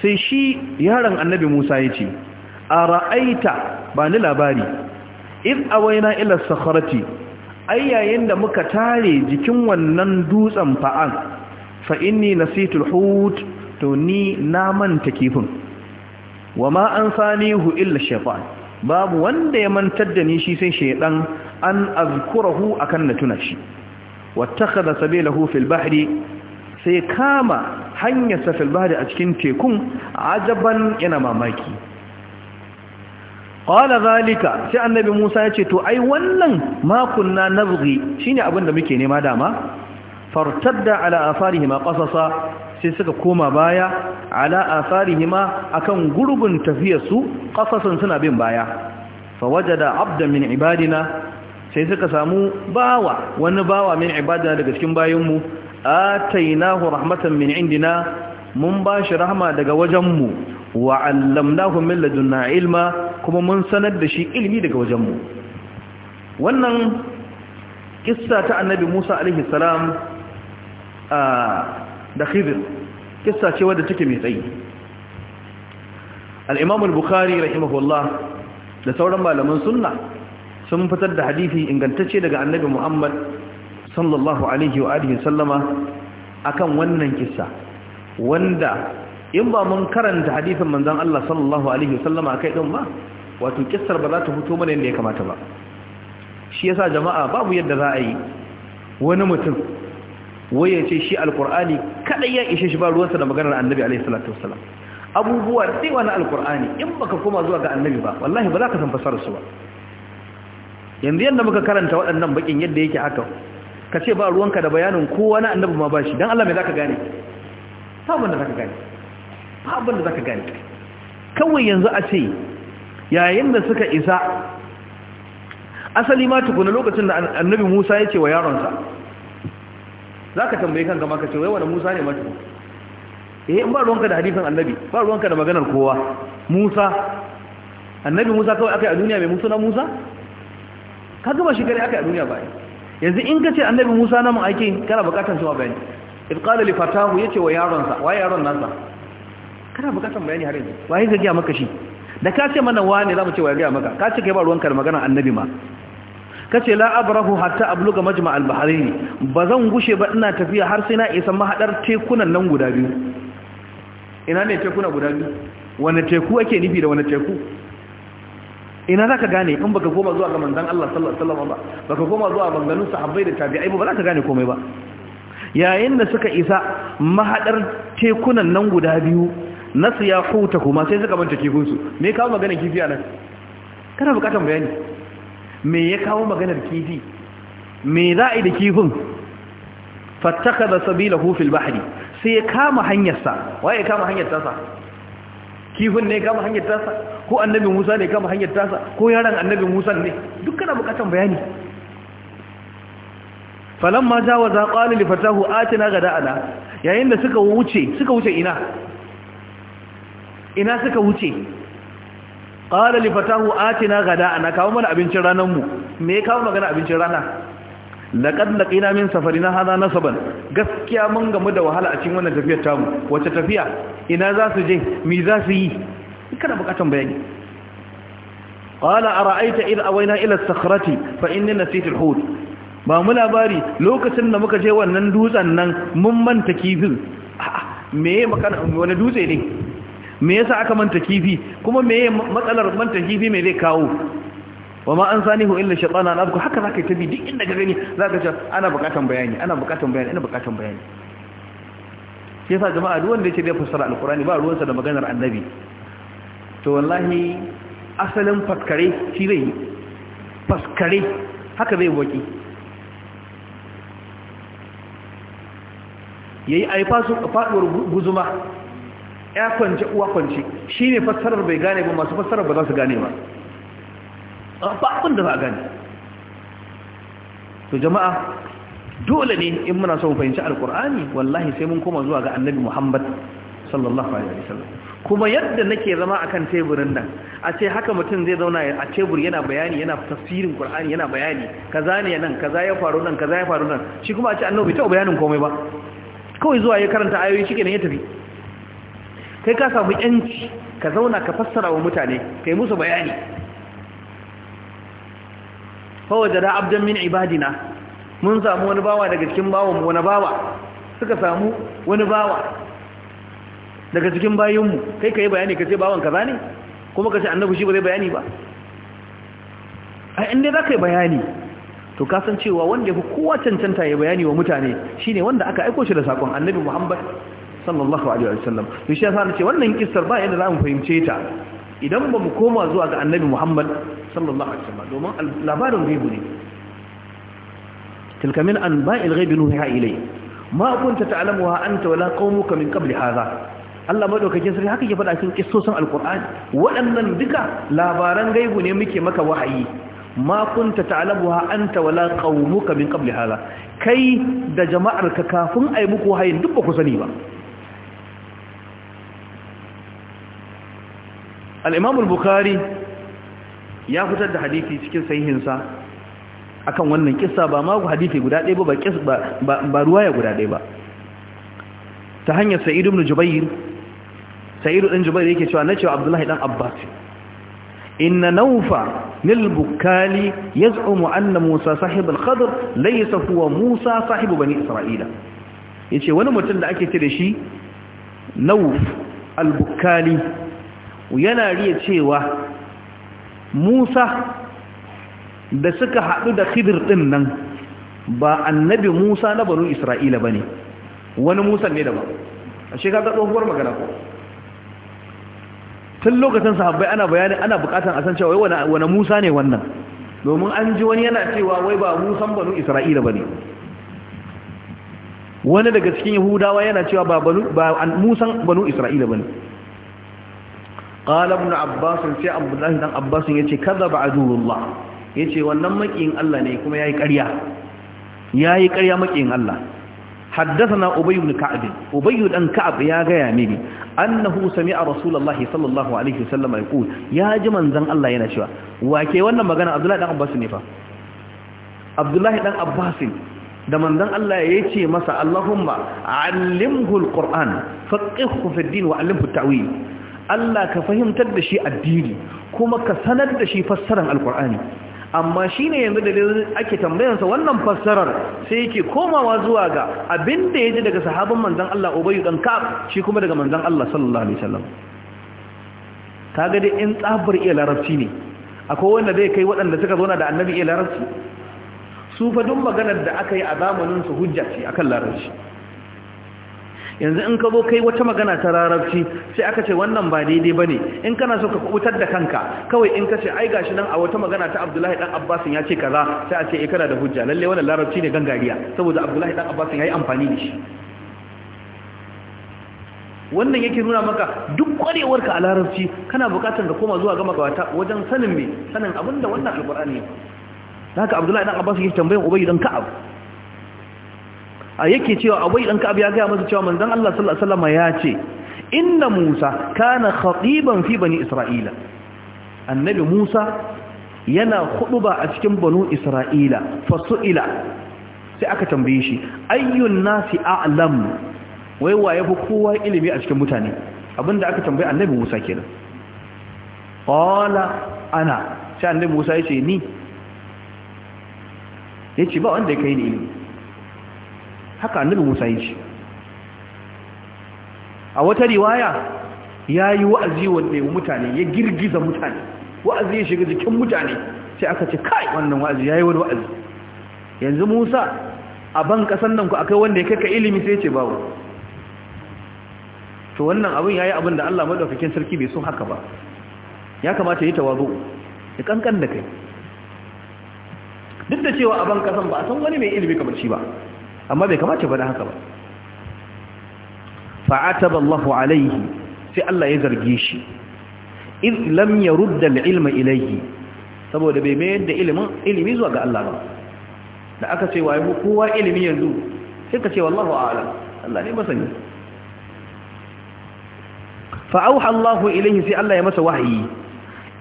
sai shi yaron annabi musa ya ce a ra'aita ba ni labari in waina ila sakharati ai yayin da muka tare jikin wannan dutsen fa'an fa inni nasitul hut to ni na manta kifin wa ma an sanihu illa shaytan babu wanda ya mantar da ni shi sai shaidan an azkurahu akan na tuna shi wattakhadha sabilahu fil bahri sai kama hanyar sa fil bahri a cikin tekun ajaban yana mamaki qala zalika sai annabi Musa ya ce to ai wannan ma kunna nabghi shine abin da muke nema dama fartadda ala afarihima qasasa sai suka koma baya ala asarihima akan gurbin tafiyarsu qasasan suna bin baya fa wajada abdan min ibadina sai suka samu bawa wani bawa min ibadina daga cikin bayanmu atainahu rahmatan min indina mun bashi rahma daga wajenmu wa 'allamnahu min ladunna ilma kuma mun sanar da shi ilmi daga wajenmu wannan kissa ta annabi Musa alaihi salam a da khidir kissa ce wadda take mai tsayi al-imam al-bukhari rahimahullah da sauran malaman sunna sun fitar da hadisi ingantacce daga annabi muhammad sallallahu alaihi wa alihi sallama akan wannan kissa wanda in ba mun karanta hadisin manzon Allah sallallahu alaihi wa sallama din ba wato kissar ba za ta fito mana yadda ya kamata ba shi yasa jama'a babu yadda za a yi wani mutum wai ya ce shi alkur'ani kaɗai ya ishe shi ba ruwansa da maganar annabi alaihi salatu wasalam abubuwa da yawa na alkur'ani in baka koma zuwa ga annabi ba wallahi ba za ka san fasarar su ba yanzu yadda muka karanta waɗannan bakin yadda yake haka ka ce ba ruwanka da bayanin kowa na annabi ma bashi Don Allah mai za ka gane sabon da zaka gane sabon da zaka gane kawai yanzu a ce yayin da suka isa asali ma tukuna lokacin da annabi Musa ya ce wa yaronsa za ka tambayi gama ka ce wai wani musa ne mata eh in ba ruwanka da hadisin annabi ba ruwanka da maganar kowa musa annabi musa kawai aka yi a duniya mai musu na musa ka gaba shi gari aka yi a duniya ba yanzu in ka ce annabi musa na mu aiki kana bukatar shi wa bayani idh qala li fatahu yace wa yaron sa wa yaron nasa kana bukatar bayani har yanzu wai ga giya maka shi da ka ce mana wani mu ce wa ga maka ka ce kai ba ruwanka da maganar annabi ma kace la abrahu hatta abluga majma al-bahrain bazan gushe ba ina tafiya har sai na isa mahadar tekunan nan guda biyu ina ne tekuna guda biyu wani teku ake nufi da wani teku ina zaka gane in baka koma zuwa ga manzon Allah sallallahu alaihi wasallam ba baka koma zuwa manganun sahabbai da tabi'ai ba zaka gane komai ba yayin da suka isa mahadar tekunan nan guda biyu nasu ya huta kuma sai suka manta kifin su me kawo magana kifi anan kana bukatar bayani me ya kawo maganar kifi me za a yi da kifin fattaka da sabila hufil bahari sai ya kama hanyarsa waye ya kama hanyarta sa? kifin ne ya kama hanyarta sa? ko annabin musa ne ya kama hanyarta sa? ko yaran annabin musa ne dukkan bukatan bayani falamma jawaza a li fatahu atina gada'ana yayin da suka wuce suka wuce ina ina suka wuce qala li na gada ana kawo mana abincin ranan mu me ya kawo magana abincin rana laqad na min safarina na nasaban gaskiya mun gamu da wahala a cikin wannan tafiyar tamu wace tafiya ina za su je me za su yi kana bukatan bayani qala ara'aita a awayna ila as fa inni na al-hut ba mu labari lokacin da muka je wannan dutsen nan mun manta kifin me magana wani dutse ne me yasa aka manta kifi kuma me matsalar manta kifi me zai kawo wa ma an sanihu illa shaytana an abku haka zaka tabi duk inda ka gani zaka ce ana bukatan bayani ana bukatan bayani ana bukatan bayani shi yasa jama'a duk wanda yake da fassara alqurani ba ruwansa da maganar annabi to wallahi asalin faskare shi zai faskare haka zai boki yayi ai fasu faduwar guzuma ya kwance uwa kwance shi ne fassarar bai gane ba masu fassarar ba za su gane ba ba abin da za a gane to jama'a dole ne in muna son fahimci alkur'ani wallahi sai mun koma zuwa ga annabi muhammad sallallahu alaihi wasallam kuma yadda nake zama akan teburin nan a ce haka mutum zai zauna a tebur yana bayani yana tafsirin qur'ani yana bayani kaza ne nan kaza ya faru nan kaza ya faru nan shi kuma a ce annabi ta bayanin komai ba kawai zuwa ya karanta ayoyi shikenan ya tafi kai ka samu yanci ka zauna ka fassara wa mutane kai musu bayani fawaje da abdan min ibadina mun samu wani bawa daga cikin bawanmu wani bawa suka samu wani bawa daga cikin bayinmu kai ka yi bayani ka ce bawan kaza ne kuma ka ce annabi shi ba zai bayani ba a inda za ka yi bayani to kasancewa wanda ya fi kowa cancanta ya bayani wa mutane shine wanda aka aiko shi da sakon annabi muhammad sallallahu alaihi wasallam to shi yasa nace wannan kissar ba yadda za mu fahimce ta idan ba mu koma zuwa ga annabi Muhammad sallallahu alaihi wasallam domin labarin gaibu ne tilka min anba'il ghaibi nuhiha ilayhi ma kunta ta'lamuha anta wala qaumuka min qabli hadha Allah madaukakin sarki haka ya faɗa cikin kissosin alqur'ani waɗannan duka labaran gaibu ne muke maka wahayi ma kunta ta'lamuha anta wala qaumuka min qabli hadha kai da jama'arka kafin ai muku wahayin duk ba ku sani ba al-imam al-bukhari ya fitar da hadisi cikin sahihinsa akan wannan kisa ba ma hadithi guda ɗaya ba ba ba ruwaya guda ɗaya ba ta hanyar saidu ibn jubayr saidu ibn jubayr yake cewa nace abdullahi dan abbas inna nawfa nil bukali yaz'umu anna musa sahib al-khadr laysa huwa musa sahib bani isra'ila yace wani mutum da ake ce da shi nawf al-bukali yana riya cewa Musa da suka haɗu da Khidir ɗin nan ba annabi Musa na banu Isra'ila ba ne wani Musa ne daban a shekara tsohuwar magana ko tun lokacin sahabbai ana bayanin ana bukatan a san cewa wai wani Musa ne wannan domin an ji wani yana cewa wai ba Musan banu Isra'ila ba ne wani daga cikin Yahudawa yana cewa ba Musan banu Isra'ila ba ne qala ibn abbas sai abdullahi dan abbas yace kadaba adulullah yace wannan makiyin Allah ne kuma yayi ƙarya yayi ƙarya makiyin Allah حدثنا أبي بن dan أبي بن كعب يا غيامي أنه سمع رسول الله صلى الله عليه وسلم يقول يا جمن زن الله ينشوى وكي وانا wannan magana الله بن عباس ne fa? الله بن عباس da manzon Allah ya ce masa Allahumma allimhu alquran faqihhu fid din wa allimhu ta'wil Allah ka fahimtar da shi addini kuma ka sanar da shi fassarar alkur'ani amma shi ne yanzu da ake tambayansa wannan fassarar sai yake komawa zuwa ga abin da ya ji daga sahabin manzan Allah Ubayyu dan ka shi kuma daga manzan Allah sallallahu alaihi sallam. kaga dai in tsabar iya larabci ne akwai wanda zai kai waɗanda suka na da annabi iya larabci su fa duk maganar da aka yi a zamanin su hujja ce akan larabci yanzu in ka zo kai wata magana ta rarabci sai aka ce wannan ba daidai ba ne in kana so ka kubutar da kanka kawai in ka ce ai gashi nan a wata magana ta abdullahi dan abbasin ya ce kaza sai a ce eh, kana da hujja lalle wannan larabci ne gangariya saboda abdullahi dan abbasin ya yi amfani da shi wannan yake nuna maka duk kwarewarka a larabci kana bukatar ka koma zuwa ga magabata wajen sanin me sanin abinda wannan alkur'ani ne haka abdullahi dan abbas yake tambayan ubayy dan ka'ab a yake cewa abai dan ka'ab ya gaya masa cewa manzon Allah sallallahu alaihi wasallam ya ce inna Musa kana khatiban fi bani Isra'ila annabi Musa yana khutuba a cikin banu Isra'ila fasu'ila sai aka tambaye shi ayyun nasi a'lam wai waye fi kowa ilimi a cikin mutane abinda aka tambaye annabi Musa kenan qala ana sai annabi Musa ya ce ni yace ba wanda ya kai ni ilimi haka annabi musa yi shi a wata riwaya ya yi wa'azi wanda ya mutane ya girgiza mutane wa'azi ya shiga jikin mutane sai aka ce kai wannan wa'azi ya yi wani wa'azi yanzu musa a ban kasan nan ku akai wanda ya kai ka ilimi sai ce bawo to wannan abin ya yi abin da allah madaukakin sarki bai sun haka ba ya kamata ya tawazu ya kankan da kai duk da cewa a ban kasan ba a san wani mai ilimi kamar shi ba amma bai kamata ba da haka ba fa'ataba Allahu alaihi sai Allah ya zarge shi in lam yarudda al-ilma ilayhi saboda bai mayar da ilimin ilimi zuwa ga Allah ba da aka ce wai kowa ilimi yanzu sai ka ce wallahu a'lam Allah ne masani fa auha Allahu ilayhi sai Allah ya masa wahayi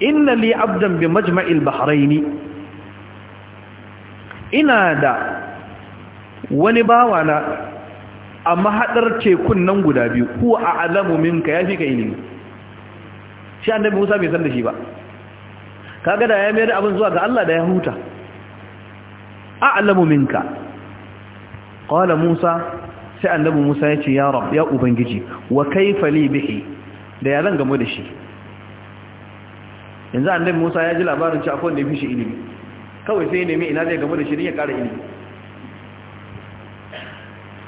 inna li abdan bi majma'il bahrain ina da wani bawa na a mahaɗar tekun nan guda biyu ko a alamu minka ya fi ka ilimi shi annabi musa bai san da shi ba kaga da ya mayar abin zuwa ga Allah da ya huta a alamu minka ƙwala musa sai annabi musa ya ce ya rab ya ubangiji wa kai fali bihi da ya zan gamu da shi yanzu annabi musa ya ji labarin cakon akwai da ya fi shi ilimi kawai sai ya nemi ina zai gamu da shi ya ƙara ilimi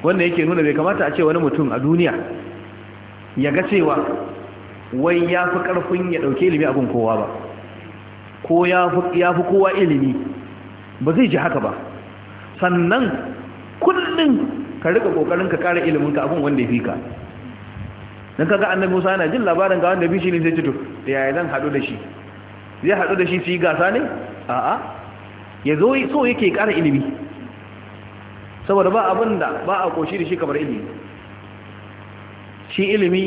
wanda yake nuna bai kamata a ce wani mutum a duniya ya ga cewa wai ya fi ƙarfin ya ɗauke ilimi abin kowa ba ko ya fi kowa ilimi ba zai ji haka ba sannan kullum ka rika ƙoƙarin ka ƙara iliminka abin wanda ya fi ka don kaga annabi musa yana jin labarin ga wanda bi shi ne zai cito da yaya zan haɗu da shi zai haɗu da shi su yi gasa ne a'a ya zo so yake ƙara ilimi saboda ba abin da ba a koshi da shi kamar ilimi shi ilimi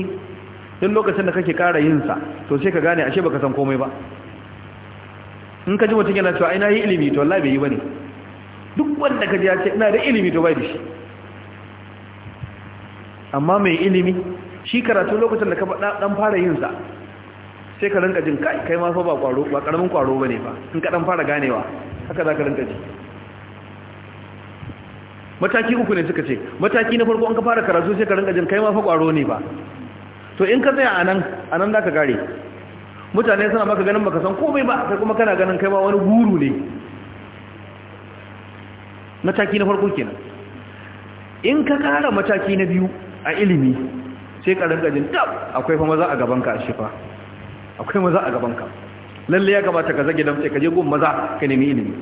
duk lokacin da kake kara yinsa to sai ka gane ashe baka san komai ba in ka ji mutum yana cewa ina yi ilimi to wallahi bai yi bane duk wanda ka ji ya ce ina da ilimi to bai da shi amma mai ilimi shi karatu lokacin da ka faɗa ɗan fara yinsa sai ka rinka jin kai kai ma fa ba kwaro ba karamin kwaro bane ba in ka ɗan fara ganewa haka za ka rinka ji mataki uku ne suka ce mataki na farko an ka fara karatu sai ka rinka jin kai ma fa kwaro ne ba to in ka tsaya anan anan zaka gare mutane suna maka ganin baka san komai ba kai kuma kana ganin kai ma wani guru ne mataki na farko kenan in ka kara mataki na biyu a ilimi sai ka rinka jin tab akwai fa maza a gaban ka shi fa akwai maza a gaban ka lalle ya kamata ka zage sai ka je gun maza ka nemi ilimi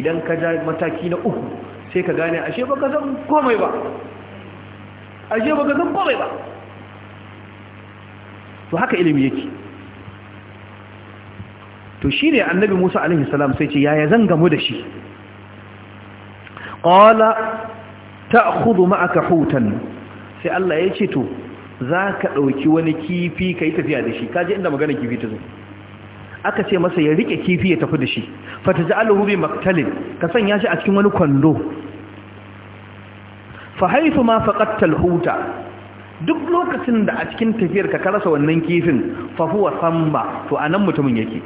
idan ka ja mataki na uku sai ka gane ashe ka zan komai ba ashe ka zan komai ba to haka ilimi yake to shi ne annabi Musa alaihi salam sai ce yaya zan gamu da shi qala ta'khudhu ma'aka hutan sai Allah ya ce to za ka ɗauki wani kifi ka yi tafiya da shi kaji inda magana kifi ta zo aka ce masa ya rike kifi ya tafi da shi fata ji alhubi maktalin ka sanya shi a cikin wani kwando fa haythu ma faqatta huta duk lokacin da a cikin tafiyar ka rasa wannan kifin fa huwa samba to a nan mutumin yake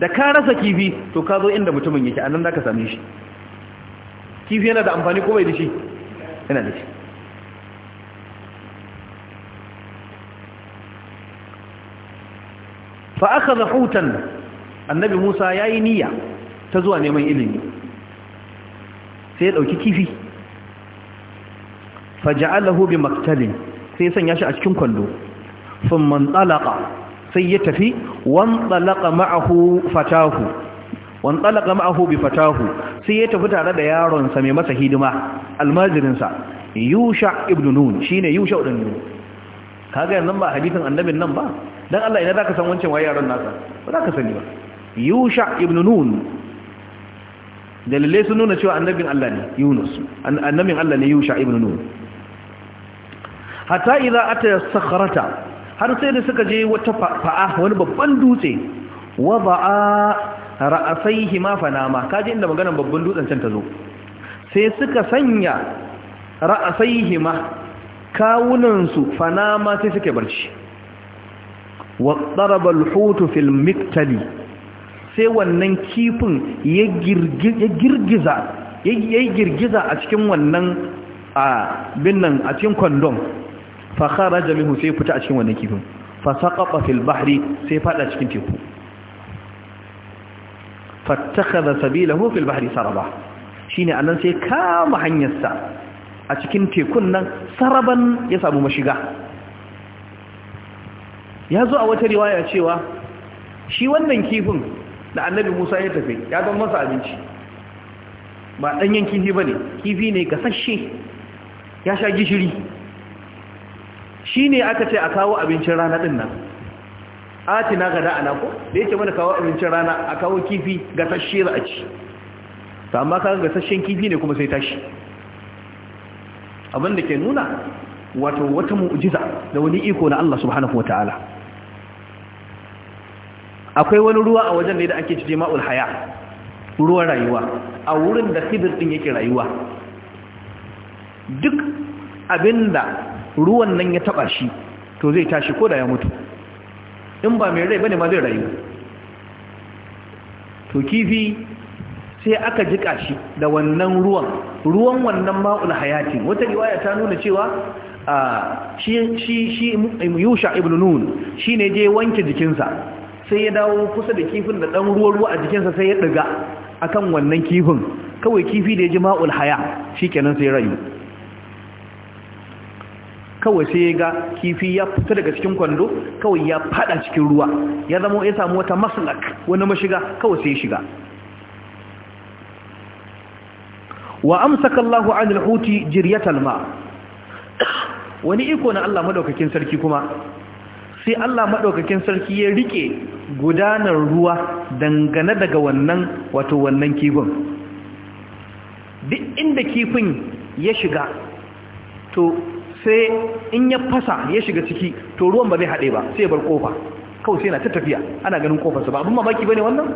da ka rasa kifi to ka zo inda mutumin yake za ka same shi kifi yana da amfani ko bai da shi yana da shi fa akhadha hutan annabi Musa ya yi niyya ta zuwa neman ilimi sai ya ɗauki kifi faja'alahu bi maktalin sai ya sanya shi a cikin kwando thumma talaqa sai ya tafi wan talaqa ma'ahu fatahu wan talaqa ma'ahu bi fatahu sai ya tafi tare da yaron sa mai masa hidima almajirin sa yusha ibn nun shine yusha ibn nun kaga yanzu ba hadisin annabin nan ba dan Allah idan zaka san wancan waye yaron nasa ba zaka sani ba yusha ibn nun dalilai sun nuna cewa annabin Allah ne yunus annabin Allah ne yusha ibn nun Hata idan ata sakarata, har sai da suka je wata fa'a wani babban dutse wada'a ra'asaihi ma fanama kaje inda maganar babban dutsen can ta zo sai suka sanya ra'asaihi ma kawunan su fanama sai suke barci wa daraba al-hutu fil sai wannan kifin ya girgiza ya girgiza a cikin wannan a binnan a cikin kwandon fa kharaja minhu sai fita a cikin wannan kifin fa saqata fil bahri sai fada cikin teku fattakhadha sabilahu fil bahri saraba shine annan sai kama hanyarsa a cikin tekun nan saraban ya samu mashiga ya zo a wata riwaya cewa shi wannan kifin da annabi Musa ya tafi ya don masa abinci ba ɗanyen kifi ba ne kifi ne gasasshe ya sha gishiri shi ne aka ce a kawo abincin rana ɗin nan na gada a ko da yake mana kawo abincin rana a kawo kifi tashi za a ci amma kawo gasashen kifi ne kuma sai tashi abinda ke nuna wato wata mu'ujiza da wani iko na Allah subhanahu wa ta'ala akwai wani ruwa a wajen ne da ake cije ma'ul haya ruwan rayuwa a wurin da khidir din yake rayuwa duk abinda ruwan nan ya taba shi to zai tashi ko da ya mutu in ba mai rai bane ma zai rayu to kifi sai aka jika shi da wannan ruwan ruwan wannan ma'ul hayati wata riwaya ta nuna cewa shi shi shi Yusha ibn Nun shine je wanke jikinsa sai ya dawo kusa da kifin da dan ruwa ruwa a jikinsa sai ya diga akan wannan kifin kawai kifi da ya ji ma'ul haya shikenan sai ya rayu kawai sai ya ga kifi ya fita daga cikin kwando kawai ya fada cikin ruwa ya zama ya samu wata maslak wani mashiga kawai sai ya shiga wa amsaka Allahu anil huti jiryatal ma wani iko na Allah madaukakin sarki kuma sai Allah madaukakin sarki ya rike gudanar ruwa dangane daga wannan wato wannan kifin duk inda kifin ya shiga to sai in ya fasa ya shiga ciki to ruwan ba zai haɗe ba sai bar kofa kawai sai na ta tafiya ana ganin kofarsa ba abin mamaki ba ne wannan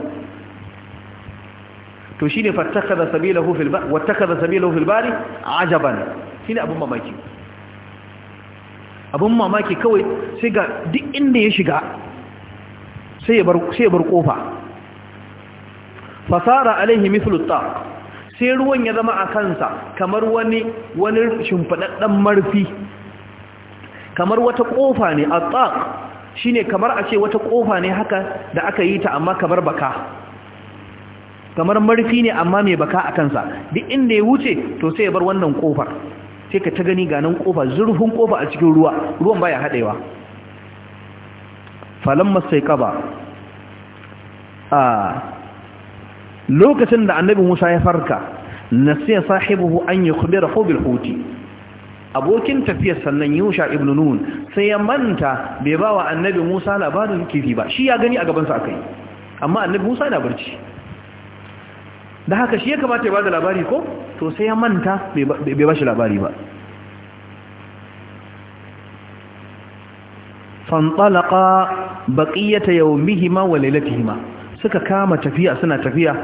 to shine fattakhadha sabilahu fil bari wattakhadha sabilahu fil bari ajaban ne abin mamaki abin mamaki kawai sai ga duk inda ya shiga sai ya bar sai kofa fasara alaihi mithlu taq sai ruwan ya zama a kansa kamar wani wani shimfiɗaɗɗen marfi kamar wata ƙofa ne a tsak shi ne kamar a ce wata ƙofa ne haka da aka yi ta amma kamar baka kamar marfi ne amma mai baka a kansa duk inda ya wuce to sai ya bar wannan ƙofar sai ka ta gani ganin ƙofa zurfin ƙofa a cikin ruwa ruwan baya haɗewa falon masai ƙaba a ah, lokacin da annabi Musa ya farka nasiya sahibihu an yukhbirahu bil huti abokin tafiyar sannan Yusha ibn Nun sai ya manta bai wa annabi Musa labarin kifi ba shi ya gani a gaban sa akai amma annabi Musa na barci da haka shi ya kamata ya bada labari ko to sai ya manta bai shi labari ba baƙiyyata فانطلقا wa يومهما hima suka kama tafiya suna tafiya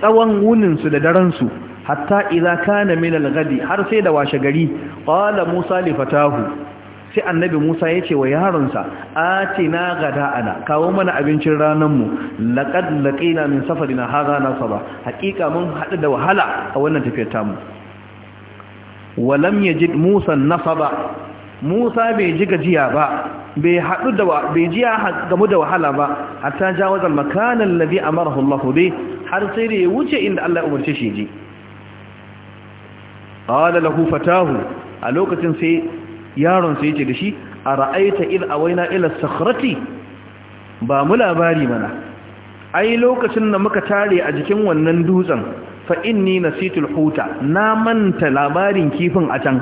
tsawon wuninsu da daransu hatta idza kana min al har sai da washe gari qala musa li fatahu sai annabi musa ya ce wa yaronsa atina ana kawo mana abincin ranan mu laqad laqina min safarina hadha nasaba haqiqa mun hadu da wahala a wannan tafiyar tamu walam yajid musa nasaba Musa bai ji gajiya ba bai haɗu da bai jiya gamu da wahala ba hatta jawaza makanan ladhi amarahu Allah bi har sai da ya wuce inda Allah ya umarce shi ji qala lahu fatahu a lokacin sai yaron sai yace da shi ara'aita id awaina ila sakhrati ba mu labari mana ai lokacin da muka tare a jikin wannan dutsen fa inni nasitul huta na manta labarin kifin a can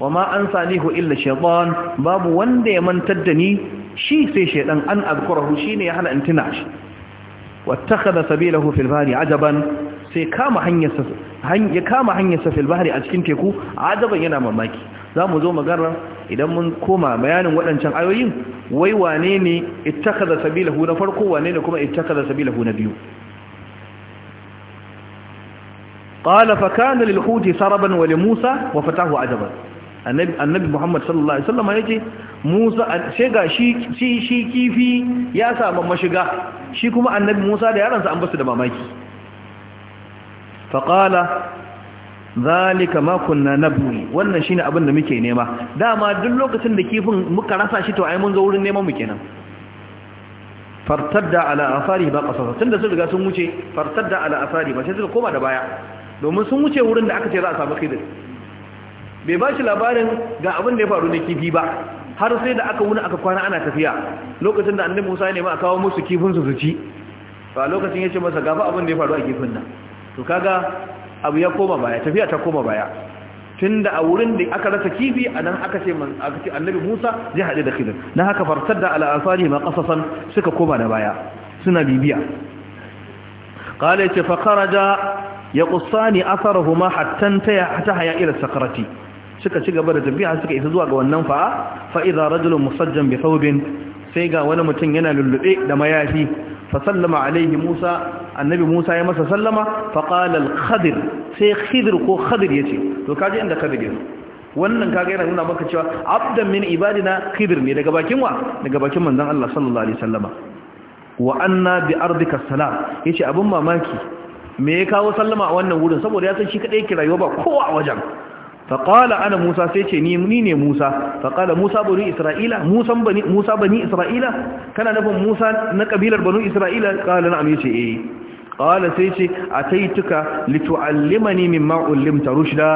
wa ma an sanihu illa shaytan babu wanda ya mantar da ni shi sai shaydan an azkurahu shine ya hana in tuna shi wattakhadha sabilahu fil bahri ajaban sai kama hanyar sa ya kama hanyar sa fil bahri a cikin teku ajaban yana mamaki zamu zo magana idan mun koma bayanin waɗancan ayoyin wai wane ne ittakhadha sabilahu na farko wane ne kuma ittakhadha sabilahu na biyu قال فكان للحوت سربا ولموسى وفتاه عجبا annabi muhammad sallallahu alaihi wasallam ya ce musa sai ga shi shi kifi ya samu mashiga shi kuma annabi musa da yaransa an basu da mamaki qala zalika ma kunna nabwi wannan shine abin da muke nema dama duk lokacin da kifin muka rasa shi to ai mun zo wurin neman mu kenan fartadda ala asari ba qasasa tunda sun riga sun wuce fartadda ala asari ba sai suka koma da baya domin sun wuce wurin da aka ce za a samu khidir bai ba shi labarin ga abin da ya faru na kifi ba har sai da aka wuni aka kwana ana tafiya lokacin da annabi Musa ya nemi a kawo musu kifin su su ci ba lokacin ya ce masa gaba abin da ya faru a kifin nan to kaga abu ya koma baya tafiya ta koma baya tun da a wurin da aka rasa kifi a nan aka ce annabi Musa zai hade da kifin na haka da ala alasari ma qasasan suka koma da baya suna bibiya qala ce fa ya kusani asarahuma hattan ta haya ila sakarati suka ci gaba da tafiya suka isa zuwa ga wannan fa'a fa idza rajulun musajjan bi thawbin sai ga wani mutum yana lullube da mayafi fa sallama alaihi Musa annabi Musa ya masa sallama fa qala al-khadir sai khidir ko khadir yace to kaje inda khadir yace wannan kaga yana nuna maka cewa abdan min ibadina khidir ne daga bakin wa daga bakin manzon Allah sallallahu alaihi wasallama wa anna bi ardika salam yace abun mamaki me ya kawo sallama a wannan wurin saboda ya san shi kadai yake rayuwa ba kowa a wajen faƙala ana musa sai ce ni ne musa faƙala musa bani isra'ila musa bani isra'ila kana nufin musa na ƙabilar bani isra'ila ƙala na amince eh ƙala sai ce a taituka litu'allimani mimma ullimta rushda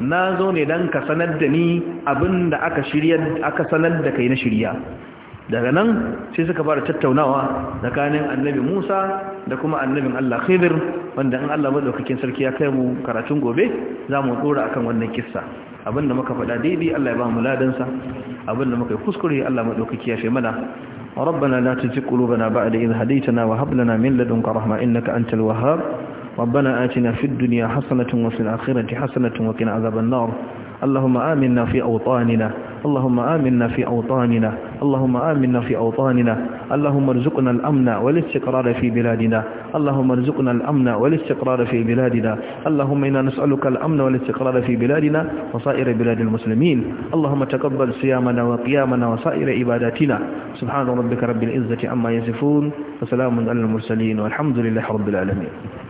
na zo ne don ka sanar da ni abin da aka sanar da kai na shirya daga nan sai suka fara tattaunawa tsakanin annabi Musa da kuma annabin Allah Khidir wanda in Allah madaukakin sarki ya kai mu karatun gobe za mu dora akan wannan kissa abinda muka faɗa daidai Allah ya ba mu ladansa abinda muka yi kuskure Allah madaukaki ya fi mana ربنا لا تزغ قلوبنا بعد إذ هديتنا وهب لنا من لدنك رحمة إنك أنت الوهاب ربنا آتنا في الدنيا حسنة وفي الآخرة حسنة وقنا عذاب النار اللهم آمنا في أوطاننا اللهم آمنا في أوطاننا اللهم آمنا في أوطاننا اللهم ارزقنا الأمن والاستقرار في بلادنا اللهم ارزقنا الأمن والاستقرار في بلادنا اللهم إنا نسألك الأمن والاستقرار في بلادنا وسائر بلاد المسلمين اللهم تقبل صيامنا وقيامنا وسائر عباداتنا سبحان ربك رب العزة عما يصفون وسلام على المرسلين والحمد لله رب العالمين